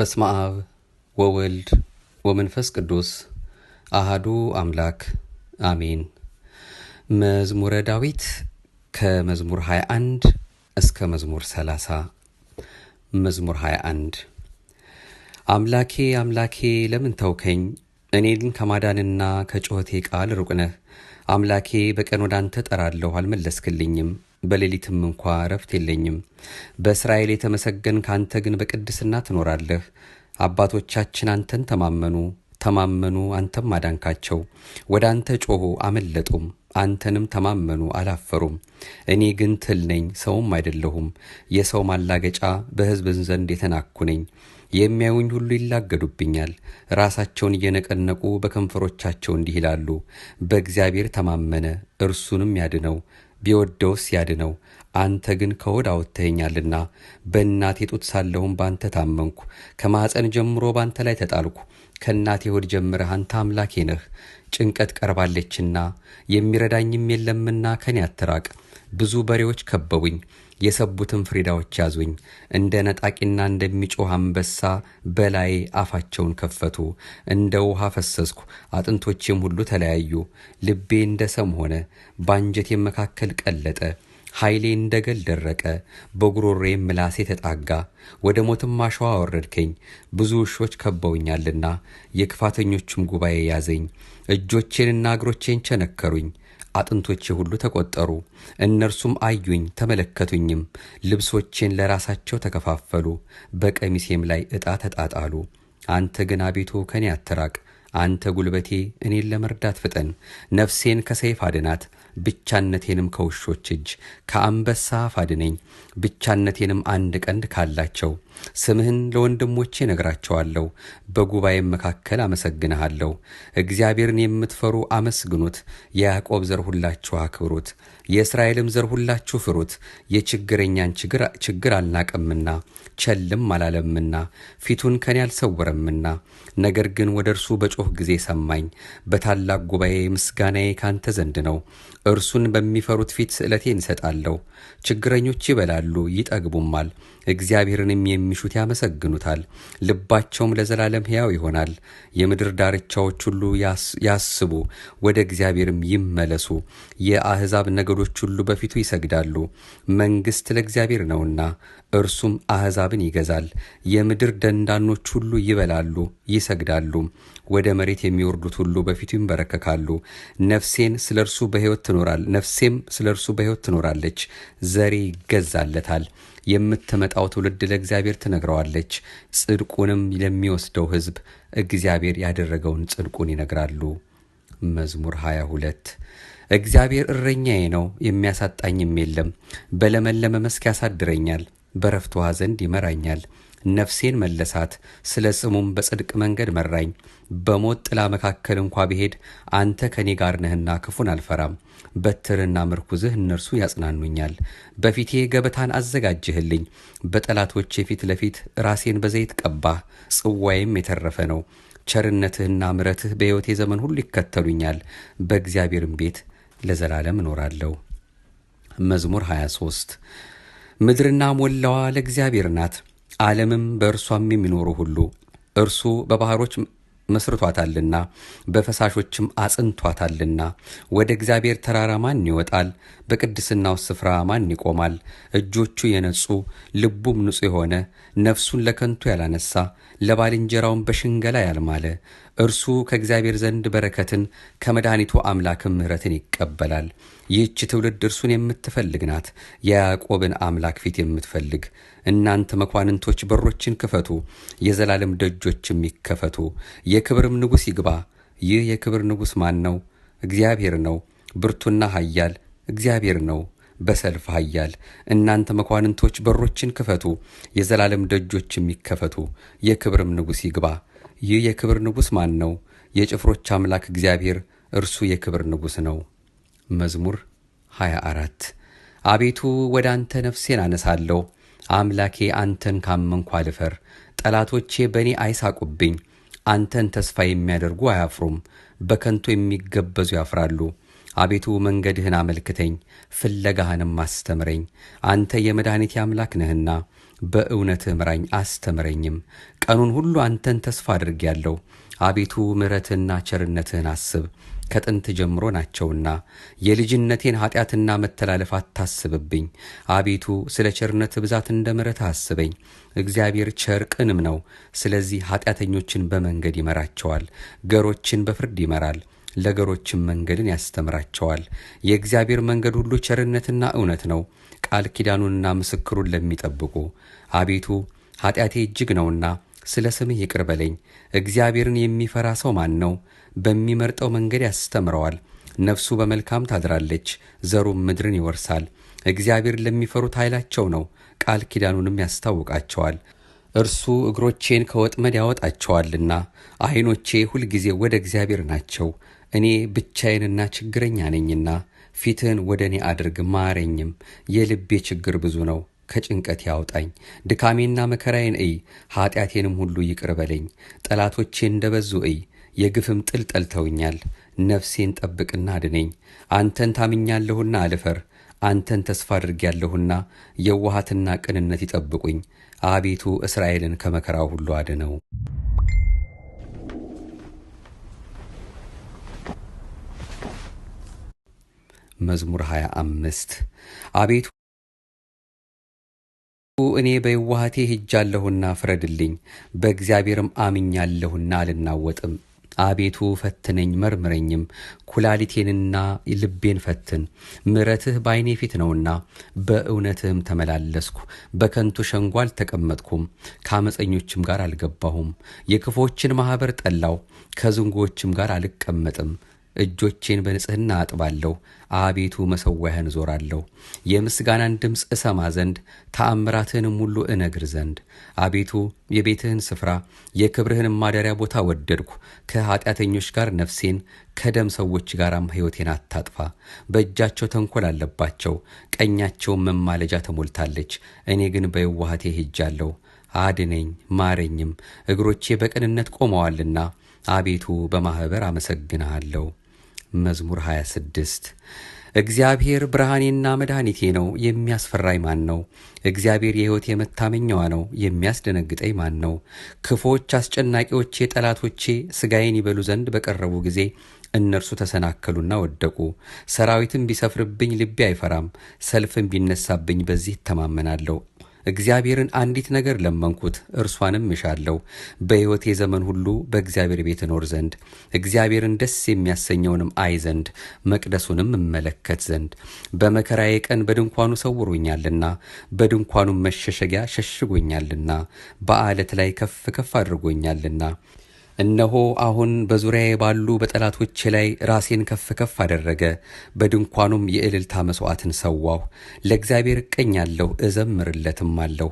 በስመ አብ ወወልድ ወመንፈስ ቅዱስ አሃዱ አምላክ አሜን። መዝሙረ ዳዊት ከመዝሙር 21 እስከ መዝሙር 30። መዝሙር 21 አምላኬ አምላኬ ለምን ተውከኝ? እኔን ከማዳንና ከጩኸቴ ቃል ሩቅ ነህ። አምላኬ በቀን ወዳንተ ጠራለሁ፣ አልመለስክልኝም በሌሊትም እንኳ እረፍት የለኝም። በእስራኤል የተመሰገን ከአንተ ግን በቅድስና ትኖራለህ። አባቶቻችን አንተን ተማመኑ ተማመኑ፣ አንተም አዳንካቸው። ወደ አንተ ጮኹ፣ አመለጡም፣ አንተንም ተማመኑ፣ አላፈሩም። እኔ ግን ትል ነኝ፣ ሰውም አይደለሁም፣ የሰው ማላገጫ፣ በሕዝብን ዘንድ የተናኩ ነኝ። የሚያዩኝ ሁሉ ይላገዱብኛል። ራሳቸውን እየነቀነቁ በከንፈሮቻቸው እንዲህ ይላሉ፣ በእግዚአብሔር ተማመነ፣ እርሱንም ያድነው ቢወደውስ ያድነው። አንተ ግን ከሆድ አውጥተኸኛልና በእናቴ ጡት ሳለሁም ባንተ ታመንኩ። ከማኅፀን ጀምሮ ባንተ ላይ ተጣልኩ። ከእናቴ ሆድ ጀምረህ አንተ አምላኬ ነህ። ጭንቀት ቀርባለችና የሚረዳኝም የለምና ከኔ አትራቅ። ብዙ በሬዎች ከበቡኝ፣ የሰቡትን ፍሪዳዎች ያዙኝ። እንደ ነጣቂና እንደሚጮህ አንበሳ በላዬ አፋቸውን ከፈቱ። እንደ ውሃ ፈሰስኩ፣ አጥንቶቼም ሁሉ ተለያዩ። ልቤ እንደ ሰም ሆነ፣ በአንጀቴ መካከል ቀለጠ። ኃይሌ እንደ ገል ደረቀ፣ በጉሮሬ ምላሴ ተጣጋ። ወደ ሞትም አሸዋ አወረድከኝ። ብዙ ውሾች ከበውኛልና የክፋተኞቹም ጉባኤ ያዘኝ። እጆቼንና እግሮቼን ቸነከሩኝ። አጥንቶቼ ሁሉ ተቆጠሩ። እነርሱም አዩኝ ተመለከቱኝም። ልብሶቼን ለራሳቸው ተከፋፈሉ፣ በቀሚሴም ላይ ዕጣ ተጣጣሉ። አንተ ግን አቤቱ ከኔ አትራቅ። አንተ ጉልበቴ፣ እኔን ለመርዳት ፍጠን። ነፍሴን ከሰይፍ አድናት። ብቻነቴንም ከውሾች እጅ ከአንበሳ አፍ አድነኝ። ብቻነቴንም አንድ ቀንድ ካላቸው ስምህን ለወንድሞቼ እነግራቸዋለሁ፣ በጉባኤም መካከል አመሰግንሃለሁ። እግዚአብሔርን የምትፈሩ አመስግኑት፣ የያዕቆብ ዘር ሁላችሁ አክብሩት፣ የእስራኤልም ዘር ሁላችሁ ፍሩት። የችግረኛን ችግር አልናቀምና ቸልም አላለምና ፊቱን ከኔ አልሰወረምና፣ ነገር ግን ወደ እርሱ በጮህ ጊዜ ሰማኝ። በታላቅ ጉባኤ ምስጋናዬ ካንተ ዘንድ ነው። እርሱን በሚፈሩት ፊት ስእለቴን እሰጣለሁ። ችግረኞች ይበላሉ ይጠግቡማል፣ እግዚአብሔርንም የሚሹት ያመሰግኑታል፣ ልባቸውም ለዘላለም ሕያው ይሆናል። የምድር ዳርቻዎች ሁሉ ያስቡ፣ ወደ እግዚአብሔርም ይመለሱ። የአሕዛብ ነገዶች ሁሉ በፊቱ ይሰግዳሉ። መንግሥት ለእግዚአብሔር ነውና እርሱም አሕዛብን ይገዛል። የምድር ደንዳኖች ሁሉ ይበላሉ፣ ይሰግዳሉ። ወደ መሬት የሚወርዱት ሁሉ በፊቱ ይንበረከካሉ። ነፍሴን ስለ እርሱ በሕይወት ትኖራል ነፍሴም ስለ እርሱ በሕይወት ትኖራለች። ዘሬ ይገዛለታል። የምትመጣው ትውልድ ለእግዚአብሔር ትነግረዋለች፣ ጽድቁንም ለሚወስደው ሕዝብ እግዚአብሔር ያደረገውን ጽድቁን ይነግራሉ። መዝሙር 22 እግዚአብሔር እረኛዬ ነው፣ የሚያሳጣኝም የለም። በለመለመ መስክ ያሳድረኛል፣ በረፍት ውሃ ዘንድ ይመራኛል ነፍሴን መለሳት፣ ስለ ስሙም በጽድቅ መንገድ መራኝ። በሞት ጥላ መካከል እንኳ ብሄድ አንተ ከኔ ጋር ነህና ክፉን አልፈራም። በትርና ምርኩዝህ እነርሱ ያጽናኑኛል። በፊቴ ገበታን አዘጋጅህልኝ፣ በጠላቶቼ ፊት ለፊት ራሴን በዘይት ቀባህ፣ ጽዋዬም የተረፈ ነው። ቸርነትህና ምረትህ በሕይወቴ ዘመን ሁሉ ይከተሉኛል። በእግዚአብሔርም ቤት ለዘላለም እኖራለሁ። መዝሙር 23 ምድርና ሞላዋ ለእግዚአብሔር ናት። ዓለምም በእርሷም የሚኖሩ ሁሉ እርሱ በባህሮች መስርቷታልና በፈሳሾችም አጽንቷታልና። ወደ እግዚአብሔር ተራራ ማን ይወጣል? በቅድስናው ስፍራ ማን ይቆማል? እጆቹ የነጹ ልቡም ንጹሕ የሆነ ነፍሱን ለከንቱ ያላነሳ ለባልንጀራውን በሽንገላ ያልማለ እርሱ ከእግዚአብሔር ዘንድ በረከትን ከመድኃኒቱ አምላክም ምሕረትን ይቀበላል። ይህች ትውልድ እርሱን የምትፈልግ ናት፣ የያዕቆብን አምላክ ፊት የምትፈልግ። እናንተ መኳንንቶች በሮችን ክፈቱ፣ የዘላለም ደጆችም ይከፈቱ፣ የክብርም ንጉሥ ይግባ። ይህ የክብር ንጉሥ ማን ነው? እግዚአብሔር ነው። ብርቱና ኃያል እግዚአብሔር ነው በሰልፍ ኃያል። እናንተ መኳንንቶች በሮችን ክፈቱ፣ የዘላለም ደጆችም ይከፈቱ፣ የክብርም ንጉሥ ይግባ። ይህ የክብር ንጉሥ ማን ነው? የጭፍሮች አምላክ እግዚአብሔር እርሱ የክብር ንጉሥ ነው። መዝሙር 24 አቤቱ ወደ አንተ ነፍሴን አነሳለሁ። አምላኬ አንተን ካመንኩ አልፈር። ጠላቶቼ በእኔ አይሳቁብኝ። አንተን ተስፋ የሚያደርጉ አያፍሩም። በከንቱ የሚገበዙ ያፍራሉ። አቤቱ መንገድህን አመልክተኝ፣ ፍለጋህንም አስተምረኝ። አንተ የመድኃኒቴ አምላክ ነህና በእውነትህ ምራኝ አስተምረኝም። ቀኑን ሁሉ አንተን ተስፋ አድርጌያለሁ። አቤቱ ምሕረትህና ቸርነትህን አስብ፣ ከጥንት ጀምሮ ናቸውና። የልጅነቴን ኀጢአትና መተላለፍ አታስብብኝ። አቤቱ ስለ ቸርነት ብዛት እንደ ምሕረትህ አስበኝ። እግዚአብሔር ቸር ቅንም ነው። ስለዚህ ኀጢአተኞችን በመንገድ ይመራቸዋል፣ ገሮችን በፍርድ ይመራል። ለገሮችም መንገድን ያስተምራቸዋል። የእግዚአብሔር መንገድ ሁሉ ቸርነትና እውነት ነው፣ ቃል ኪዳኑንና ምስክሩን ለሚጠብቁ። አቤቱ ኃጢአቴ እጅግ ነውና ስለ ስምህ ይቅር በለኝ። እግዚአብሔርን የሚፈራ ሰው ማን ነው? በሚመርጠው መንገድ ያስተምረዋል። ነፍሱ በመልካም ታድራለች፣ ዘሩም ምድርን ይወርሳል። እግዚአብሔር ለሚፈሩት ኃይላቸው ነው፣ ቃል ኪዳኑንም ያስታውቃቸዋል። እርሱ እግሮቼን ከወጥመድ ያወጣቸዋልና፣ ዐይኖቼ ሁልጊዜ ወደ እግዚአብሔር ናቸው። እኔ ብቻዬንና ችግረኛ ነኝና ፊትህን ወደ እኔ አድርግ ማረኝም። የልቤ ችግር ብዙ ነው፣ ከጭንቀት ያውጣኝ። ድካሜና መከራዬን እይ፣ ኀጢአቴንም ሁሉ ይቅር በለኝ። ጠላቶቼ እንደ በዙ እይ፣ የግፍም ጥል ጠልተውኛል። ነፍሴን ጠብቅና አድነኝ። አንተን ታምኛለሁና አልፈር፣ አንተን ተስፋ አድርጌያለሁና የዋሃትና ቅንነት ይጠብቁኝ። አቤቱ እስራኤልን ከመከራው ሁሉ አድነው። መዝሙር 25 አቤቱ እኔ በየዋህቴ ሄጃለሁና ፍረድልኝ፣ በእግዚአብሔርም አምኛለሁና አልናወጥም። አቤቱ ፈትነኝ መርምረኝም፣ ኩላሊቴንና ልቤን ፈትን። ምረትህ በዓይኔ ፊት ነውና በእውነትህም ተመላለስኩ። በከንቱ ሸንጎ አልተቀመጥኩም፣ ከአመፀኞችም ጋር አልገባሁም። የክፎችን ማኅበር ጠላው፣ ከዝንጎችም ጋር አልቀመጥም። እጆቼን በንጽህና አጥባለሁ። አቤቱ መሠዊያህን እዞራለሁ፣ የምስጋናን ድምፅ እሰማ ዘንድ ተአምራትህንም ሁሉ እነግር ዘንድ። አቤቱ የቤትህን ስፍራ የክብርህን ማደሪያ ቦታ ወደድኩ። ከኃጢአተኞች ጋር ነፍሴን ከደም ሰዎች ጋርም ሕይወቴን አታጥፋ። በእጃቸው ተንኮል አለባቸው፣ ቀኛቸውን መማለጃ ተሞልታለች። እኔ ግን በየዋህቴ ሄጃለሁ። አድነኝ ማረኝም፣ እግሮቼ በቅንነት ቆመዋልና። አቤቱ በማኅበር አመሰግንሃለሁ። መዝሙር 26 እግዚአብሔር ብርሃኔና መድኃኒቴ ነው፣ የሚያስፈራኝ ማን ነው? እግዚአብሔር የሕይወት የመታመኛዋ ነው፣ የሚያስደነግጠኝ ማን ነው? ክፉዎች አስጨናቂዎቼ፣ ጠላቶቼ ሥጋዬን ይበሉ ዘንድ በቀረቡ ጊዜ እነርሱ ተሰናከሉና ወደቁ። ሰራዊትም ቢሰፍርብኝ ልቤ አይፈራም፣ ሰልፍም ቢነሳብኝ በዚህ እተማመናለሁ። እግዚአብሔርን አንዲት ነገር ለመንኩት፣ እርሷንም እሻለሁ፣ በሕይወቴ ዘመን ሁሉ በእግዚአብሔር ቤት እኖር ዘንድ እግዚአብሔርን ደስ የሚያሰኘውንም አይ ዘንድ መቅደሱንም እመለከት ዘንድ በመከራዬ ቀን በድንኳኑ ሰውሮኛልና በድንኳኑም መሸሸጊያ ሸሽጎኛልና በዓለት ላይ ከፍ ከፍ አድርጎኛልና እነሆ አሁን በዙሪያዬ ባሉ በጠላቶቼ ላይ ራሴን ከፍ ከፍ አደረገ፣ በድንኳኑም የእልልታ መሥዋዕትን ሰዋሁ። ለእግዚአብሔር እቀኛለሁ እዘምርለትም አለሁ።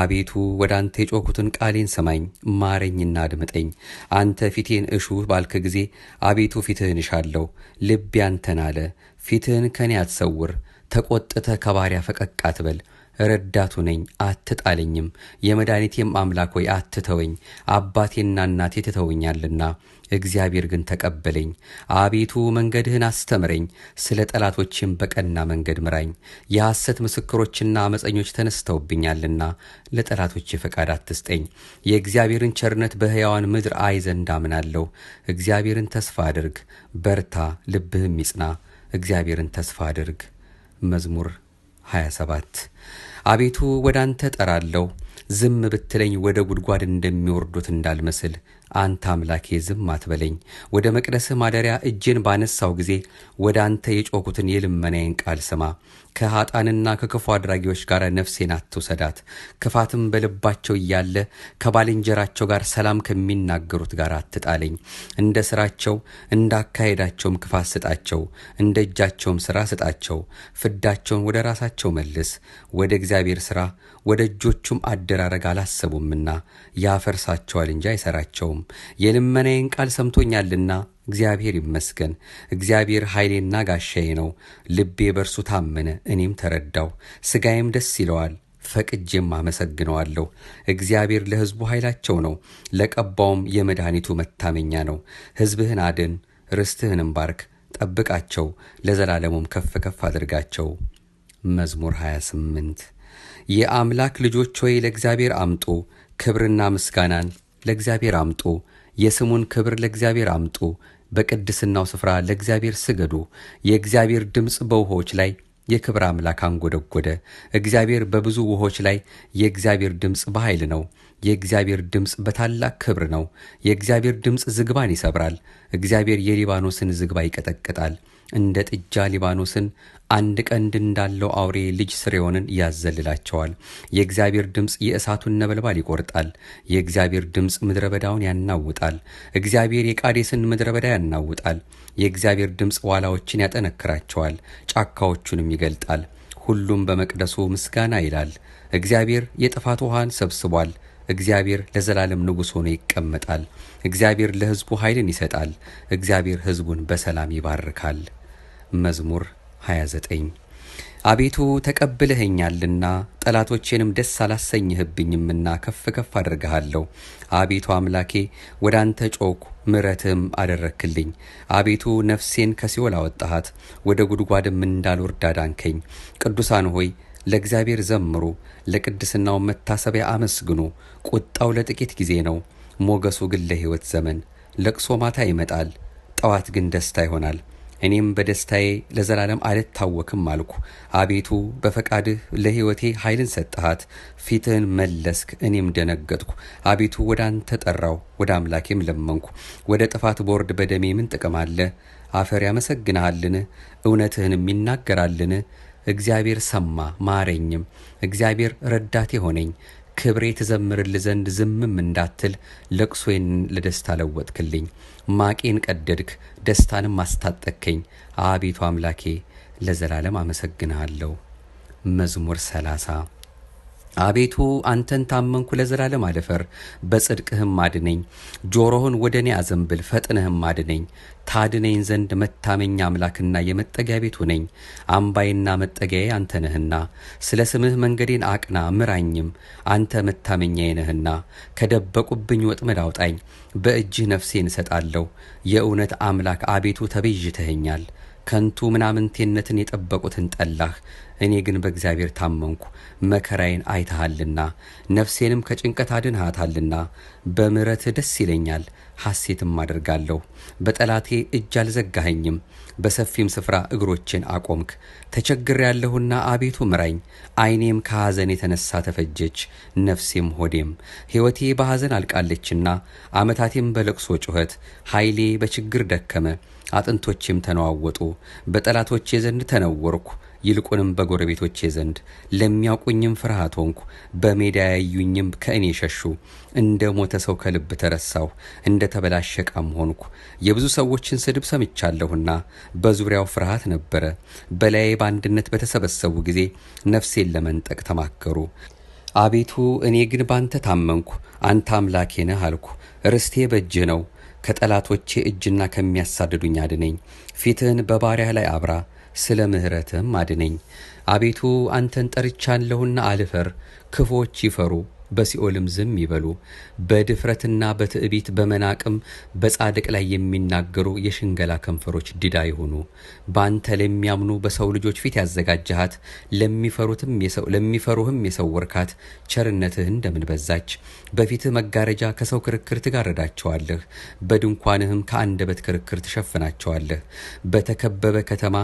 አቤቱ ወደ አንተ የጮኩትን ቃሌን ሰማኝ፣ ማረኝና አድምጠኝ። አንተ ፊቴን እሹ ባልክ ጊዜ አቤቱ ፊትህን እሻለሁ። ልቤ አንተን አለ፣ ፊትህን ከኔ አትሰውር። ተቆጥተህ ከባሪያ ፈቀቅ አትበል። ረዳቱ ነኝ፣ አትጣለኝም። የመድኃኒቴም አምላክ ሆይ አትተወኝ፣ አባቴና እናቴ ትተውኛልና፣ እግዚአብሔር ግን ተቀበለኝ። አቤቱ መንገድህን አስተምረኝ፣ ስለ ጠላቶችም በቀና መንገድ ምራኝ። የሐሰት ምስክሮችና አመፀኞች ተነስተውብኛልና፣ ለጠላቶች ፈቃድ አትስጠኝ። የእግዚአብሔርን ቸርነት በሕያዋን ምድር አይ ዘንድ አምናለሁ። እግዚአብሔርን ተስፋ አድርግ፣ በርታ፣ ልብህም ይጽና። እግዚአብሔርን ተስፋ አድርግ። መዝሙር 27 አቤቱ ወደ አንተ ጠራለሁ ዝም ብትለኝ ወደ ጉድጓድ እንደሚወርዱት እንዳልመስል አንተ አምላኬ ዝም አትበለኝ። ወደ መቅደስ ማደሪያ እጄን ባነሳው ጊዜ ወደ አንተ የጮኩትን የልመናዬን ቃል ስማ። ከኃጣንና ከክፉ አድራጊዎች ጋር ነፍሴን አትውሰዳት። ክፋትም በልባቸው እያለ ከባልንጀራቸው ጋር ሰላም ከሚናገሩት ጋር አትጣለኝ። እንደ ሥራቸው እንደ አካሄዳቸውም ክፋት ስጣቸው፣ እንደ እጃቸውም ስራ ስጣቸው። ፍዳቸውን ወደ ራሳቸው መልስ፣ ወደ እግዚአብሔር ስራ ወደ እጆቹም አድ ለመደራረግ አላሰቡምና ያፈርሳቸዋል እንጂ አይሰራቸውም። የልመናዬን ቃል ሰምቶኛልና እግዚአብሔር ይመስገን። እግዚአብሔር ኃይሌና ጋሻዬ ነው፣ ልቤ በርሱ ታመነ፣ እኔም ተረዳው፣ ሥጋዬም ደስ ይለዋል ፈቅጄም አመሰግነዋለሁ። እግዚአብሔር ለሕዝቡ ኃይላቸው ነው፣ ለቀባውም የመድኃኒቱ መታመኛ ነው። ሕዝብህን አድን፣ ርስትህንም ባርክ፣ ጠብቃቸው፣ ለዘላለሙም ከፍ ከፍ አድርጋቸው። መዝሙር 28 የአምላክ ልጆች ሆይ ለእግዚአብሔር አምጡ፣ ክብርና ምስጋናን ለእግዚአብሔር አምጡ፣ የስሙን ክብር ለእግዚአብሔር አምጡ። በቅድስናው ስፍራ ለእግዚአብሔር ስገዱ። የእግዚአብሔር ድምፅ በውሆች ላይ የክብር አምላክ አንጎደጎደ። እግዚአብሔር በብዙ ውሆች ላይ የእግዚአብሔር ድምፅ በኃይል ነው። የእግዚአብሔር ድምፅ በታላቅ ክብር ነው። የእግዚአብሔር ድምፅ ዝግባን ይሰብራል። እግዚአብሔር የሊባኖስን ዝግባ ይቀጠቅጣል። እንደ ጥጃ ሊባኖስን አንድ ቀንድ እንዳለው አውሬ ልጅ ስርዮንን ያዘልላቸዋል። የእግዚአብሔር ድምፅ የእሳቱን ነበልባል ይቆርጣል። የእግዚአብሔር ድምፅ ምድረ በዳውን ያናውጣል። እግዚአብሔር የቃዴስን ምድረ በዳ ያናውጣል። የእግዚአብሔር ድምፅ ዋላዎችን ያጠነክራቸዋል፣ ጫካዎቹንም ይገልጣል። ሁሉም በመቅደሱ ምስጋና ይላል። እግዚአብሔር የጥፋት ውሃን ሰብስቧል። እግዚአብሔር ለዘላለም ንጉሥ ሆኖ ይቀመጣል። እግዚአብሔር ለሕዝቡ ኃይልን ይሰጣል። እግዚአብሔር ሕዝቡን በሰላም ይባርካል። መዝሙር 29 አቤቱ ተቀብለኸኛልና ጠላቶቼንም ደስ አላሰኝህብኝምና ከፍ ከፍ አድርግሃለሁ። አቤቱ አምላኬ ወደ አንተ ጮኩ፣ ምረትም አደረክልኝ። አቤቱ ነፍሴን ከሲኦል አወጣሃት፣ ወደ ጉድጓድም እንዳልወርድ አዳንከኝ። ቅዱሳን ሆይ ለእግዚአብሔር ዘምሩ፣ ለቅድስናው መታሰቢያ አመስግኑ። ቁጣው ለጥቂት ጊዜ ነው፣ ሞገሱ ግን ለሕይወት ዘመን። ለቅሶ ማታ ይመጣል፣ ጠዋት ግን ደስታ ይሆናል። እኔም በደስታዬ ለዘላለም አልታወክም አልኩ። አቤቱ በፈቃድህ ለሕይወቴ ኃይልን ሰጠሃት፣ ፊትህን መለስክ፣ እኔም ደነገጥኩ። አቤቱ ወደ አንተ ጠራው፣ ወደ አምላኬም ለመንኩ። ወደ ጥፋት ቦርድ በደሜ ምን ጥቅም አለ? አፈር ያመሰግንሃልን? እውነትህንም ይናገራልን? እግዚአብሔር ሰማ ማረኝም፣ እግዚአብሔር ረዳቴ ሆነኝ፣ ክብሬ ትዘምርል ዘንድ ዝምም እንዳትል ለቅሶዬን ለደስታ ለወጥክልኝ፣ ማቄን ቀደድክ፣ ደስታንም አስታጠከኝ። አቤቱ አምላኬ ለዘላለም አመሰግንሃለሁ። መዝሙር ሰላሳ አቤቱ አንተን ታመንኩ ለዘላለም አልፈር፣ በጽድቅህም አድነኝ። ጆሮህን ወደ እኔ አዘንብል፣ ፈጥነህም አድነኝ። ታድነኝ ዘንድ መታመኛ አምላክና የመጠጊያ ቤቱ ነኝ። አምባይና መጠጊያዬ አንተ ነህና፣ ስለ ስምህ መንገዴን አቅና ምራኝም፣ አንተ መታመኛዬ ነህና። ከደበቁብኝ ወጥመድ አውጣኝ፣ በእጅህ ነፍሴን እሰጣለሁ። የእውነት አምላክ አቤቱ ተቤዥተኸኛል። ከንቱ ምናምንቴነትን የጠበቁትን ጠላህ። እኔ ግን በእግዚአብሔር ታመንኩ፣ መከራዬን አይተሃልና ነፍሴንም ከጭንቀት አድንሃታልና። በምረት ደስ ይለኛል፣ ሐሴትም አደርጋለሁ። በጠላቴ እጅ አልዘጋኸኝም፣ በሰፊም ስፍራ እግሮቼን አቆምክ። ተቸግር ያለሁና አቤቱ ምራኝ፣ ዓይኔም ከሐዘን የተነሳ ተፈጀች፣ ነፍሴም ሆዴም። ሕይወቴ በሐዘን አልቃለችና ዓመታቴም በለቅሶ ጩኸት፣ ኃይሌ በችግር ደከመ፣ አጥንቶቼም ተነዋወጡ፣ በጠላቶቼ ዘንድ ተነወርኩ። ይልቁንም በጎረቤቶቼ ዘንድ ለሚያውቁኝም ፍርሃት ሆንኩ። በሜዳ ያዩኝም ከእኔ ሸሹ። እንደ ሞተ ሰው ከልብ ተረሳሁ፣ እንደ ተበላሸ ሆንኩ። የብዙ ሰዎችን ስድብ ሰምቻለሁና በዙሪያው ፍርሃት ነበረ። በላዬ በአንድነት በተሰበሰቡ ጊዜ ነፍሴን ለመንጠቅ ተማከሩ። አቤቱ እኔ ግን ባንተ ታመንኩ፣ አንተ አምላኬ ነህ አልኩ። ርስቴ በእጅህ ነው። ከጠላቶቼ እጅና ከሚያሳድዱኝ አድነኝ። ፊትህን በባሪያህ ላይ አብራ ስለ ምህረትም አድነኝ። አቤቱ አንተን ጠርቻለሁና አልፈር፣ ክፎች ይፈሩ በሲኦልም ዝም ይበሉ። በድፍረትና በትዕቢት በመናቅም በጻድቅ ላይ የሚናገሩ የሽንገላ ከንፈሮች ዲዳ ይሁኑ። በአንተ ለሚያምኑ በሰው ልጆች ፊት ያዘጋጀሃት ለሚፈሩህም የሰወርካት ቸርነትህ እንደምን በዛች! በፊትህ መጋረጃ ከሰው ክርክር ትጋረዳቸዋለህ፣ በድንኳንህም ከአንደበት ክርክር ትሸፍናቸዋለህ። በተከበበ ከተማ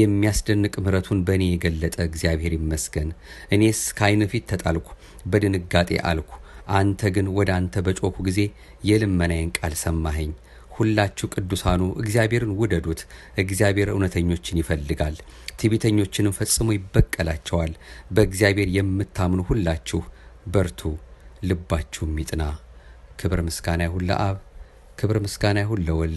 የሚያስደንቅ ምሕረቱን በእኔ የገለጠ እግዚአብሔር ይመስገን። እኔስ ከዓይንህ ፊት ተጣልኩ በድንጋጤ አልኩ። አንተ ግን ወደ አንተ በጮኩ ጊዜ የልመናዬን ቃል ሰማኸኝ። ሁላችሁ ቅዱሳኑ እግዚአብሔርን ውደዱት። እግዚአብሔር እውነተኞችን ይፈልጋል፣ ትዕቢተኞችንም ፈጽሞ ይበቀላቸዋል። በእግዚአብሔር የምታምኑ ሁላችሁ በርቱ፣ ልባችሁም ይጥና። ክብር ምስጋና ይሁን ለአብ፣ ክብር ምስጋና ይሁን ለወልድ